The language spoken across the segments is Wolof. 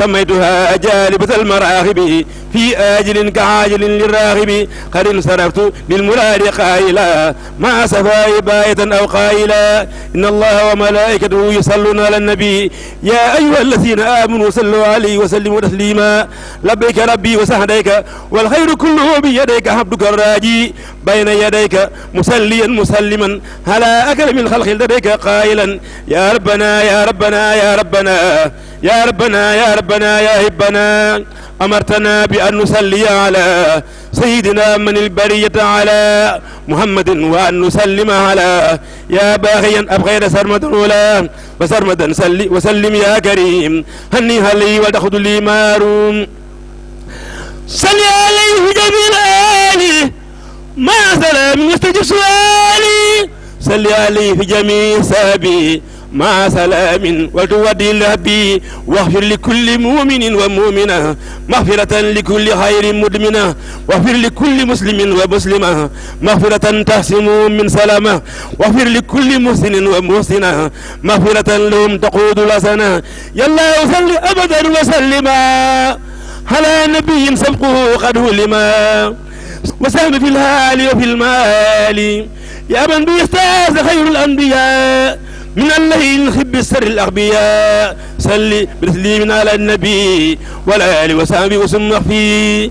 سميتها جالبة المراغب في آجل كعاجل للراغب قد انصرفت للمراد قائلا مع صفاء باية أو قائلا إن الله وملائكته يصلون على النبي يا أيها الذين آمنوا صلوا عليه وسلموا تسليما لبيك ربي وسعديك والخير كله بيديك حمدك الراجي bayna yadayka musalliyan musalliman ala akrami lxalqi ladayka qaayilan ya rabbana ya rabbana ya rabbana ya rabbana ya rabbana ya hibbana amartana bi an nusalliya ala sayidina man albariyata ala muhammadin wa an nusallima ala ya baaxiyan abxayna sarmadan wala wa sarmadan salli wa sallim ya karim hanni hali wa daxudu li maarum salli alayhi jamil ali سؤالي صل عليه في جميع سابي مع سلام وتودي لربي واغفر لكل مؤمن ومؤمنة مغفرة لكل خير مدمنة واغفر لكل مسلم ومسلمة مغفرة تحسن من سلامة واغفر لكل محسن ومحسنة مغفرة لهم تقود لسنة يلا وصل أبدا وسلما على نبي سبقه قد ولما وسهل في الهال وفي المال يا من بيستاز خير الأنبياء من الليل خب السر الأغبياء سلي بتسليم على النبي والآل وسامي وسمح فيه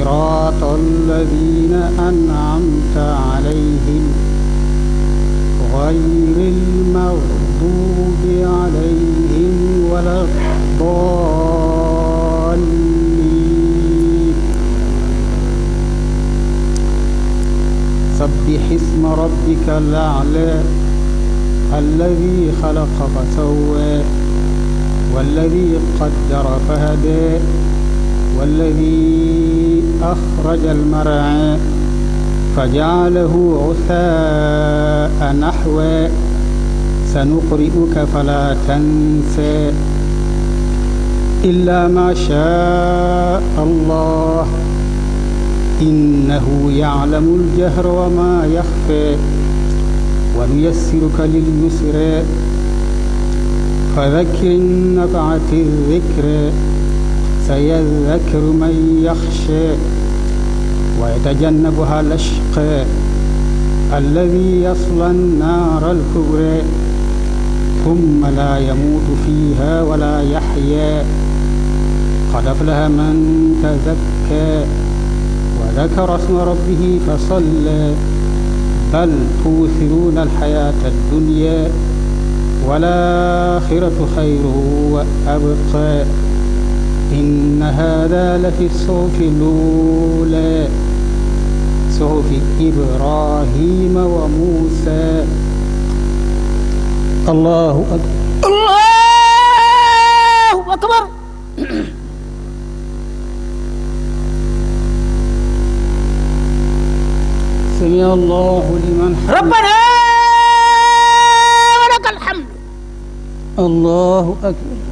صراط الذين أنعمت عليهم غير المغضوب عليهم ولا الضالين سبح اسم ربك الأعلى الذي خلق فسوى والذي قدر فهدى والذي أخرج المرعى فجعله غثاء نحوه سنقرئك فلا تنسى إلا ما شاء الله إنه يعلم الجهر وما يخفى ونيسرك لليسر فذكر إن نفعت الذكر سيذكر من يخشى ويتجنبها الأشقى الذي يصلى النار الكبرى ثم لا يموت فيها ولا يحيا قد أفلح من تزكى وذكر اسم ربه فصلى بل توثرون الحياة الدنيا والآخرة خير وأبقى إن هذا لفي الصحف الأولى صحف إبراهيم وموسى الله أكبر الله أكبر سمع الله لمن حمده ربنا ولك الحمد الله أكبر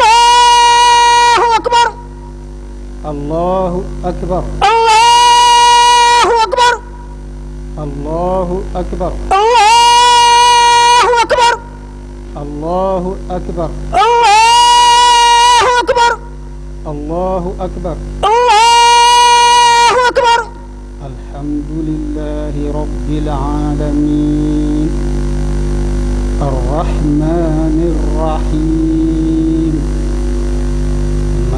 allahu akbar allahu akbar allahu akbar allahu akbar allahu akbar allahu akbar allahu akbar allahu akbar alhamdulillahi rabbil alamin arrahmanir rahim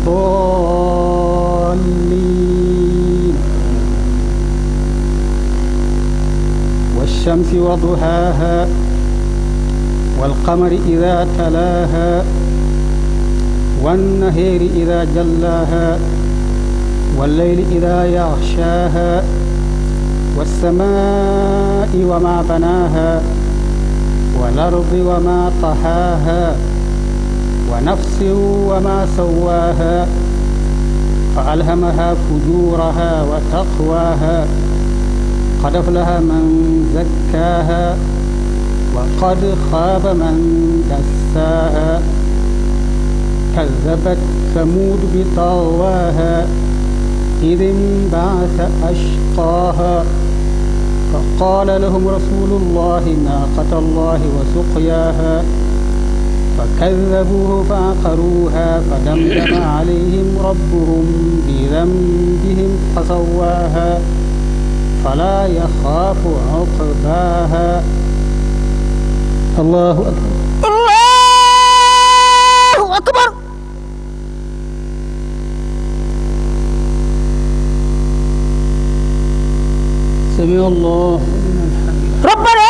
الضالين والشمس وضحاها والقمر إذا تلاها والنهير إذا جلاها والليل إذا يغشاها والسماء وما بناها والأرض وما طحاها ونفس وما سواها فألهمها فجورها وتقواها قد أفلح من زكاها وقد خاب من دساها كذبت ثمود بطغواها إذ انبعث أشقاها فقال لهم رسول الله ناقة الله وسقياها فكذبوه فعقروها فدمدم عليهم ربهم بذنبهم فسواها فلا يخاف عقباها الله أكبر الله أكبر سمع الله ربنا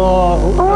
الله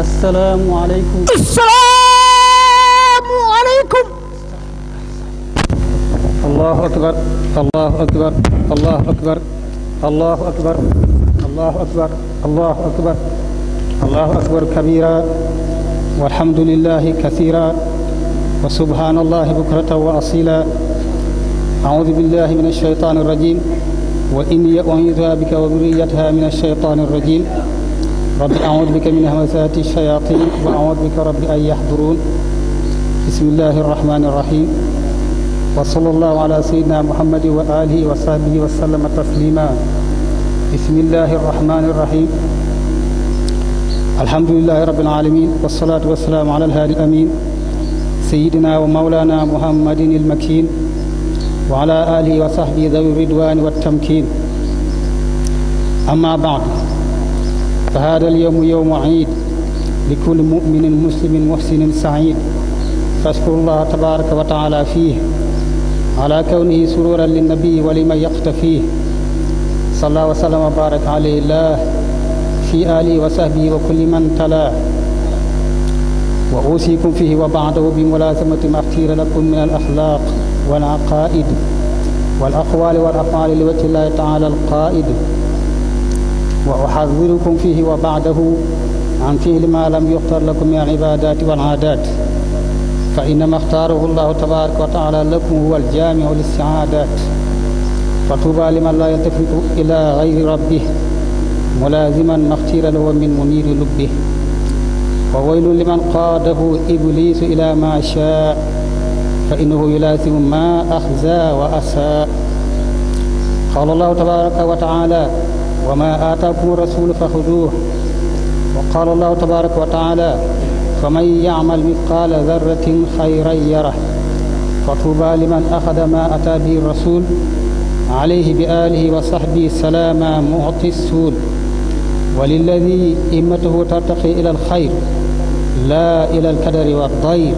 asalaamualeykum asalaamualeykum allahu akbar allahu akbar allahu akbar allahu akbar allahu akbar allahu akbar allahu akbar kabira walhamdulillahi kasira wa subhanallahi bukratan wa asila أعوذ بالله من الشيطان الرجيم وإني أعيذها بك وذريتها من الشيطان الرجيم rabbi aawudu bika min hamazaati shayatin wa aawudu bika rabbi an yaxduruun bismillahi irrahmani irrahim wa sallallahu ala sayidina muhammadin wa alihi wa sahbihi wa sallama taslima bismillahi irrahmani irrahim alhamdulilahi rabbil alamin wasalaatu wasalaamu ala alhaadi amin sayidina wa mawlana muhammadin ilmakin wa ala alihi wa sahbihi dawi ridwani wattamkin amma baadu فهذا اليوم يوم عيد لكل مؤمن مسلم محسن سعيد فاذكروا الله تبارك وتعالى فيه على كونه سرورا للنبي ولمن يقتفيه صلى وسلم وبارك عليه الله في آله وصحبه وكل من تلاه وأوصيكم فيه وبعده بملازمة ما اختير لكم من الأخلاق والعقائد والأقوال والأفعال لوجه الله تعالى القائد وأحذركم فيه وبعده عن فعل ما لم يختر لكم من العبادات والعادات فإنما اختاره الله تبارك وتعالى لكم هو الجامع للسعادات فطوبى لمن لا يلتفت إلى غير ربه ملازما ما اختير له من منير لبه وويل لمن قاده إبليس إلى ما شاء فإنه يلازم ما أخزى وأساء قال الله تبارك وتعالى wa ma aataakum rasulu fa xuduuh wa qaala allahu tabaraka wa taala fa man yacmal mitqaala darratin xayran yarah fa tuuba liman axada ma ataa bihi rasul alayhi bi alihi wa saxbihi salaama muti suul wa lilladi himmatuhu tartaqi ila alxayr laa ila alkadari waddayr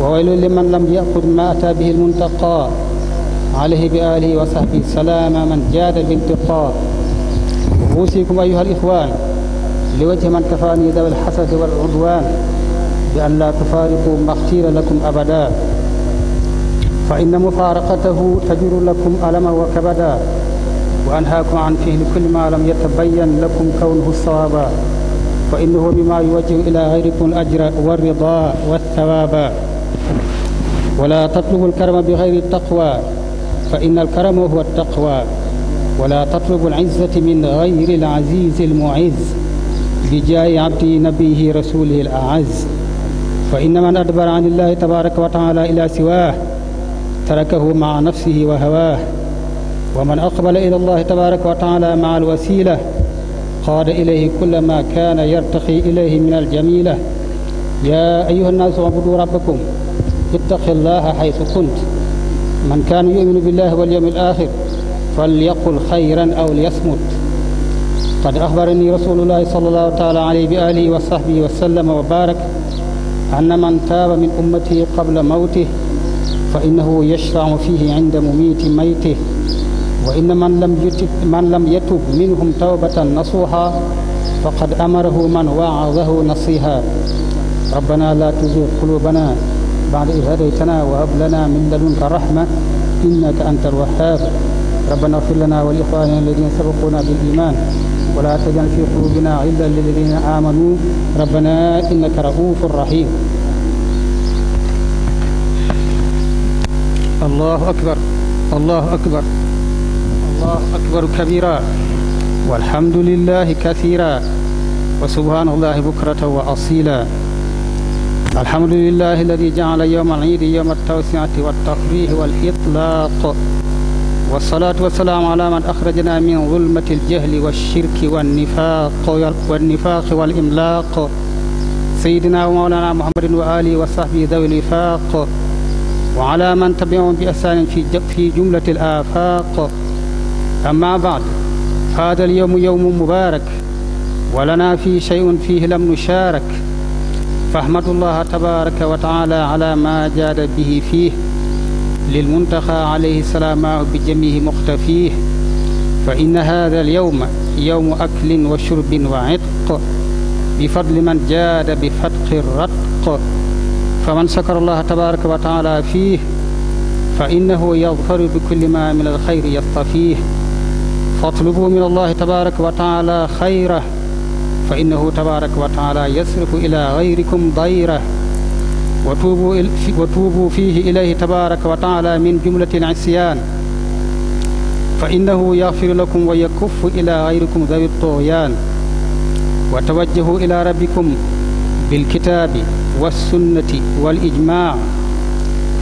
wa waylun liman lam yaxud ma ataa bihi almuntaqa alayhi bi alihi wa saxbihi salaama man jaada bintiqaa أوصيكم أيها الإخوان لوجه من كفاني ذوي الحسد والعدوان بأن لا تفارقوا ما اختير لكم أبدا فإن مفارقته تجر لكم ألما وكبدا وأنهاكم عن فعل كل ما لم يتبين لكم كونه الصوابا فإنه بما يوجه إلى غيركم الأجر والرضا والثواب ولا تطلبوا الكرم بغير التقوى فإن الكرم هو التقوى ولا تطلب العزة من غير العزيز المعز بجاه عبده نبيه رسوله الأعز فإن من أدبر عن الله تبارك وتعالى إلى سواه تركه مع نفسه وهواه ومن أقبل إلى الله تبارك وتعالى مع الوسيلة قاد إليه كل ما كان يرتقي إليه من الجميلة يا أيها الناس اعبدوا ربكم اتق الله حيث كنت من كان يؤمن بالله واليوم الآخر فليقل خيرا أو ليصمت قد أخبرني رسول الله صلى الله تعالى عليه بآله وصحبه وسلم وبارك أن من تاب من أمته قبل موته فإنه يشرع فيه عند مميت ميته وإن من لم يتب, من لم يتب منهم توبة نصوحا فقد أمره من وعظه نصيحا ربنا لا تزغ قلوبنا بعد إذ هديتنا وهب لنا من لدنك رحمة إنك أنت الوهاب ربنا اغفر لنا ولإخواننا الذين سبقونا بالإيمان ولا تجعل في قلوبنا غلا للذين آمنوا ربنا إنك رؤوف رحيم الله أكبر الله أكبر الله أكبر كبيرا والحمد لله كثيرا وسبحان الله بكرة وأصيلا الحمد لله الذي جعل يوم العيد يوم التوسعة والتفريح والإطلاق والصلاة والسلام على من أخرجنا من ظلمة الجهل والشرك والنفاق والنفاق والإملاق سيدنا ومولانا محمد وآله وصحبه ذوي الوفاق وعلى من تبعهم بإحسان في في جملة الآفاق أما بعد هذا اليوم يوم مبارك ولنا في شيء فيه لم نشارك فاحمدوا الله تبارك وتعالى على ما جاد به فيه للمنتخى عليه السلام بجميع مختفيه فإن هذا اليوم يوم أكل وشرب وعتق بفضل من جاد بفتق الرتق فمن شكر الله تبارك وتعالى فيه فإنه يظفر بكل ما من الخير يصطفيه فاطلبوا من الله تبارك وتعالى خيره فإنه تبارك وتعالى يصرف إلى غيركم ضيره wa tuubu wa tuubu fiihi ilayhi tabaaraka wa taala min jumlati al isyaan fa innahu yaxfiru lakum wa yakuffu ila gayrikum dawi tooyaan wa tawajjahu ila rabbikum bilkitaabi walsunnati walijmaa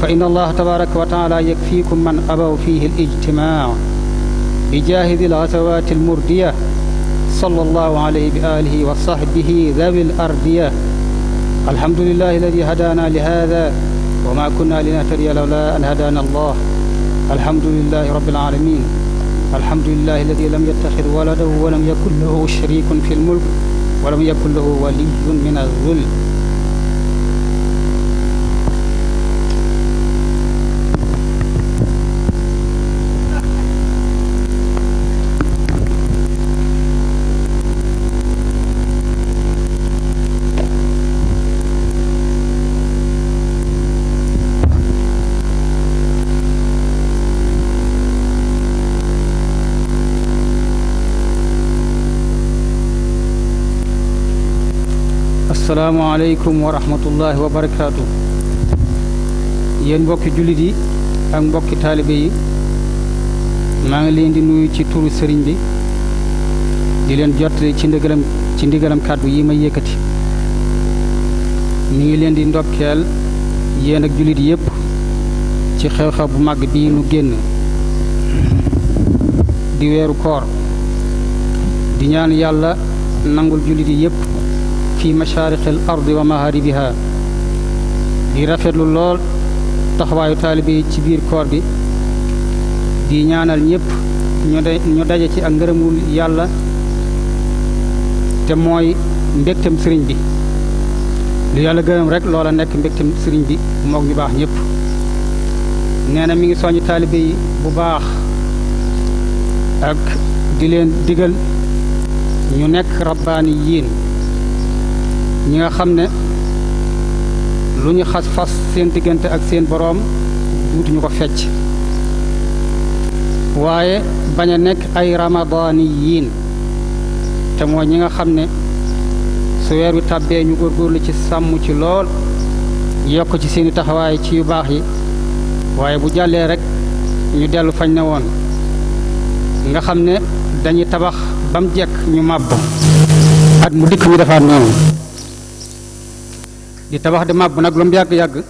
fa inna allaha tabaaraka wa taala yakfiikum man abaw fiihi alijtimaa bi jaahidi alxasawaati almurdiya sala allahu alayhi bi aalihi wa sahbihi dawi alardiya الحمد لله الذي هدانا لهذا وما كنا لنهتدي لولا أن هدانا الله الحمد لله رب العالمين الحمد لله الذي لم يتخذ ولده ولم يكن له شريك في الملك ولم يكن له ولي من الذل asalaamualeykum wa rahmatullahi wa barakaatu yéen mbokki jullit yi ak mbokki taalibe yi maa ngi leen di nuyu ci turu sëriñ bi di leen jottali ci ndigalam ci ndigalam kàddu yi may yëkkati mi ngi leen di ndokkeel yéen ak jullit yépp ci xew-xew bu màgg bii nu génn di weeru koor di ñaan yàlla nangul jullit yi yépp fi mashaariqil ardi wa mahaaribiha di rafetlu lool taxawaayu taalibe yi ci biir koor bi di ñaanal ñépp ñu daje ci ak ngërëmul yàlla te mooy mbégtam sëriñ bi lu yàlla gërëm rek loola nekk mbégtam sëriñ bi moog ñu baax ñépp nee mi ngi soññ taalibe yi bu baax ak di leen digal ñu nekk rabaani yiin ñi nga xam ne lu ñu xas fas seen diggante ak seen boroom duutuñu ko fecc waaye bañ a nekk ay ramadaani yiin te mooy ñi nga xam ne su weer wi tàbbee ñu góor góorgóorlu ci sàmm ci lool yokk ci seeni taxawaay ci yu baax yi waaye bu jàllee rek ñu dellu fañ ne woon nga xam ne dañuy tabax bam jekk ñu màbb at mu dikk ñu defaat noonu di tabax di màbb nag lu mu yàgg-yàgg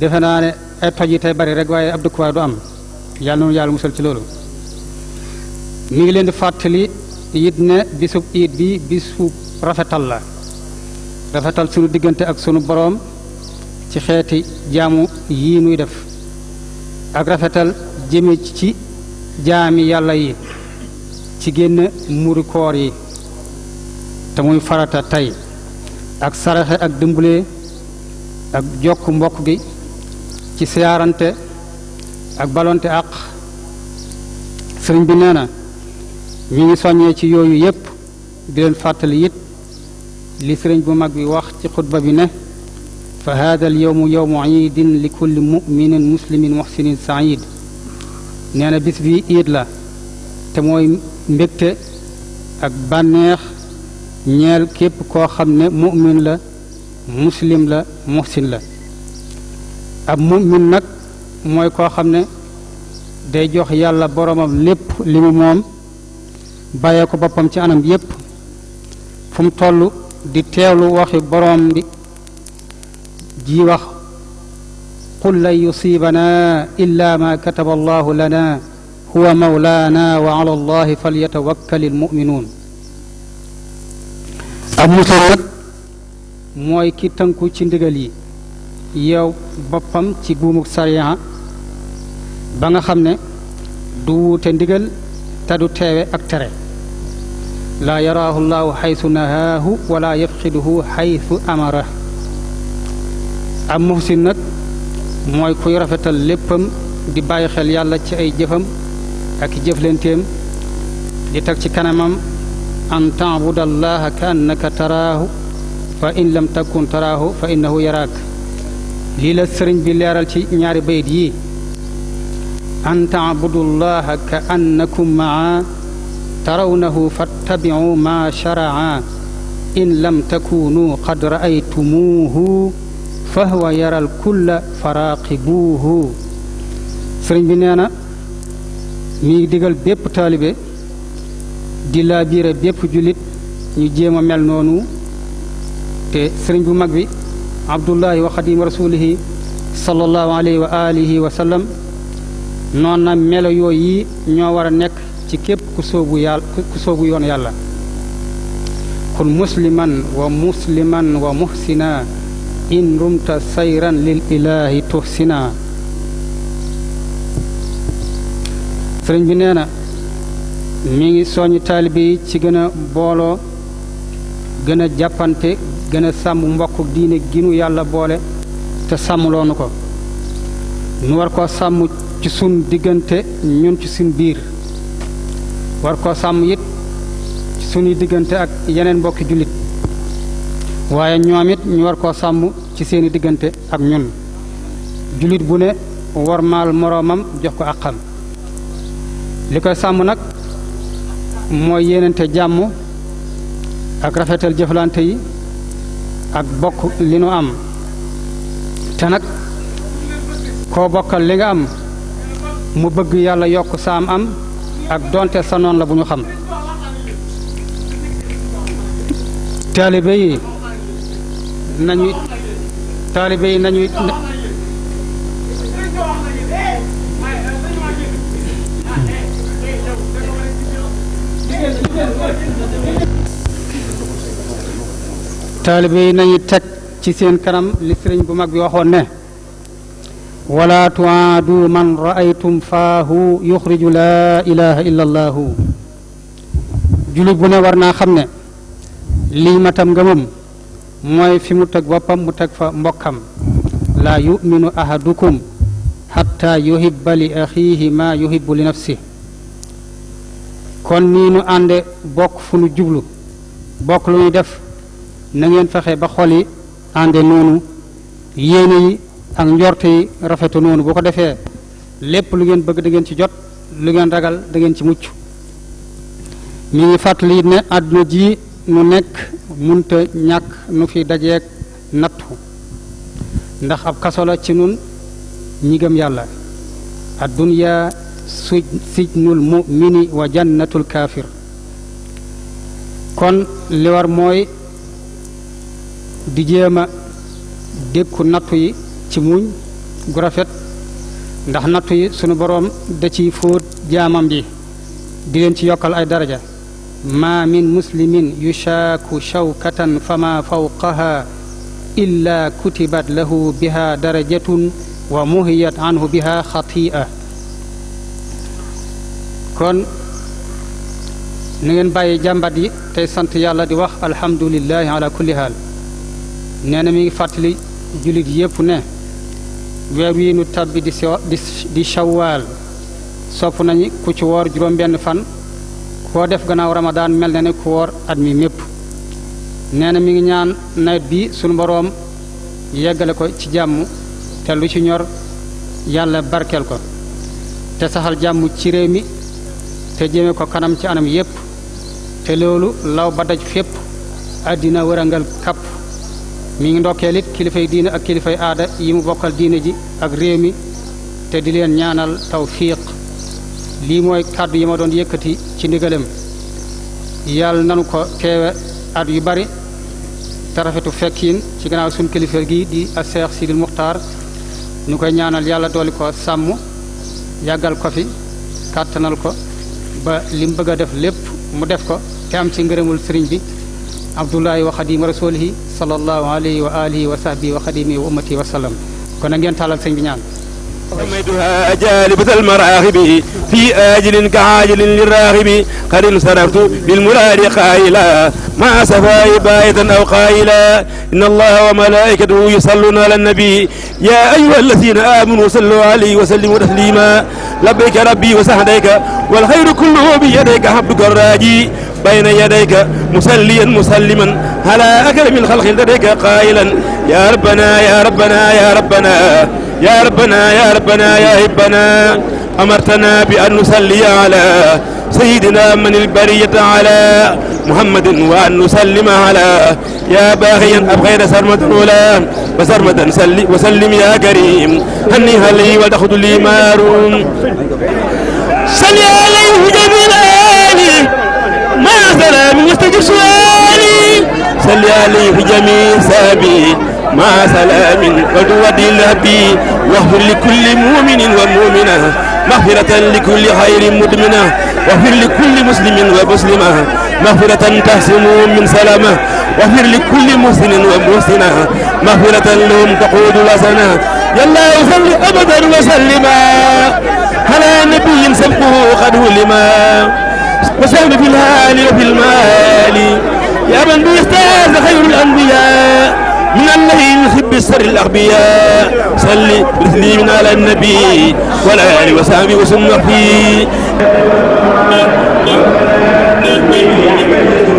defe naa ne ay toj yi tey bari rek waaye ab dëkkuwaay du am yàlla noonu yàlla musal ci loolu mi ngi leen di fàttali it ne bisub iit bi bisu rafetal la rafetal sunu diggante ak sunu boroom ci xeeti jaamu yi nuy def ak rafetal jëme ci jaami yàlla yi ci génn muri koor yi te muy farata tey ak saraxe ak dimbulee ak jokk mbokk gi ci siyaarante ak balonte àq sëriñ bi nee na ngi soññee ci yooyu yépp di leen fàttali it li sëriñ bu mag bi wax ci xutba bi ne fa hada al yowmu yowmu iidin li kulli muminin muslimin muhsinin said nee na bis bi iid la te mooy mbégte ak bànneex ñeel képp koo xam ne mu'min la muslim la muhsin la ab mu'min nag mooy koo xam ne day jox yàlla boromam lépp li mu moom bàyyee ko boppam ci anam yépp fu mu toll di teewlu waxi boroom bi ji wax qul lan yusiibanaa illa ma kataba allahu lana huwa mawlaana wa ala allahi falyatawakkali almu'minuun am mu soro mooy ki tënku ci ndigal yi yow boppam ci buumuk sariya ba nga xam ne du wuute ndigal te du teewe ak tere laa yaraahu llaahu xaytu nahaahu wala yafqiduhu xaytu amara am muhsin nag mooy kuy rafetal léppam di bàyyi xel yàlla ci ay jëfam ak jëflenteem di teg ci kanamam an taabud allaha ka annaka taraahu fa in lam takun taraahu fa innahu yaraak lii la sëriñ bi leeral ci ñaari bayit yi an taabudullaha ka annakum maa tarawnahu fattabicu maa sharaca in lam takunuu qad ra'aytumuuhu fahwa yaral kulla faraaqibuuhu sëriñ bi nee na mi ngi digal bépp taalibe di laa bépp jullit ñu jéem a mel noonu te sëriñ bu mag bi abdullahi wa xadim rasulihi sallallahu alayhi wa noon na melo yooyu yi ñoo war a nekk ci képp ku soobu yàlla ku soobu yoon yàlla kun musliman wa musliman wa muhsina in rumta sayran lil ilahi tuhsina sëriñ bi nee mi ngi soññ taalibe yi ci gën a booloo gën a jàppante gën a sàmm mbokk diine ginu yàlla boole te sàmmloonu ko nu war koo sàmm ci suñ diggante ñun ci sun biir war koo sàmm it ci sunuy diggante ak yeneen mbokki jullit waaye ñoom it ñu war koo sàmm ci seeni diggante ak ñun jullit bu ne war maal moroomam jox ko àqam li koy sàmm nag mooy yéenante jàmm ak rafetal jëflante yi ak bokk li nu am te nag koo bokkal li nga am mu bëgg yàlla yokk saam am ak donte sa noon la bu ñu xam taalibe yi nañuy taalibe yi taalibe yi nañu teg ci seen kanam li sëriñ bu mag bi waxoon ne wala tuaadu man raaytum faahu yuxriju laa ilaha illa allaahu jullit bu ne war naa xam ne lii matam mooy fi mu teg boppam mu teg fa mbokkam laa yuminu ahadukum xatta yuhibba li axiihi ma li nafsihi kon nii nu ànde bokk fu nu jublu bokk lu ñuy def na ngeen fexe ba xol yi ànde noonu yéene yi ak njort yi rafetu noonu boo ko defee lépp lu ngeen bëgg dangeen ci jot lu ngeen ragal da ngeen ci mucc mi ngi fàttali ne àdduna ji nu nekk munta ñàkk nu fi dajeeg nattu ndax ab kasola ci nun ñi gëm yàlla ad suj sijnul mumini wa jannatul kaafir kon li war mooy di jéem a dékku nattu yi ci muñ gu rafet ndax nattu yi sunu boroom da ci fóot jaamam bi di ci yokkal ay daraja ma min muslimin yushaaku shawkatan fama fawqaha illa kutibat lahu biha darajatun wa muhiyat anhu biha xati'a kon na ngeen bàyyi jàmbat yi tey sant yàlla di wax alhamdulilahi ala kulli haal ngi fàttali jullit yépp ne weer wii nu tàbbi di di shawaal nañu ku ci woor juróom-benn fan koo def gannaaw ramadaan mel na ne ku woor at mi mépp nee mi ngi ñaan nawet bi sunu boroom yeggale ko ci jàmm te lu ci ñor yàlla barkeel ko te saxal jàmm ci réew mi te jëme ko kanam ci anam yépp te loolu law ba daj fépp àddina wërangal kapp mi ngi ndokkeel it kilifay diine ak kilifay aada yi mu bokkal diine ji ak réew mi te di leen ñaanal tawfiq lii mooy kàddu yi ma doon yëkkati ci ndigalem yàlla nanu ko teewe at yu bari te rafetu fekkin ci gannaaw suñ kilifa gi di a Seex Sidil Muxtaar ñu koy ñaanal yàlla dooli ko sàmm yàggal ko fi kàttanal ko ba lim bëgg a def lépp mu def ko te am ci ngërëmul sëriñ bi abdullahi wa xadima rasulihi sallallahu alayhi wa alihi wa sahbihi wa xadimi wa ummati wa sallam kon na ngeen taalal sëñ bi ñaan سميتها جالبة المراغب في آجل كعاجل للراغب قد انصرفت بالمراد قائلا مع سفاء بايتا أو قائلا إن الله وملائكته يصلون على النبي يا أيها الذين آمنوا صلوا عليه وسلموا تسليما لبيك ربي وسعديك والخير كله بيديك عبدك الراجي بين يديك مسليا مسلما على أكرم الخلق لديك قائلا يا ربنا يا ربنا يا ربنا يا ربنا يا ربنا يا هبنا أمرتنا بأن نصلي على سيدنا من البرية على محمد وأن نسلم على يا باغيا أبغير سرمة ولا وسرمة سلي وسلم يا كريم هني هلي ودخل لي مارون صلي عليه جميل آلي ما سلام يستجب سؤالي صلي عليه جميل سابي مع سلام قدوة الأبي واغفر لكل مؤمن ومؤمنة مغفرة لكل خير مدمنة واغفر لكل مسلم ومسلمة مغفرة تحسن من سلامة واغفر لكل محسن ومحسنة مغفرة لهم تقود وسنة يلا وصلي أبدا وسلما على نبي سبقه قد ولما وسلم في الهال وفي المال يا من بيستاذ خير من الله يخب السر الأغبياء صلي بتسليم على النبي وعلى آله وصحبه وسلم فيه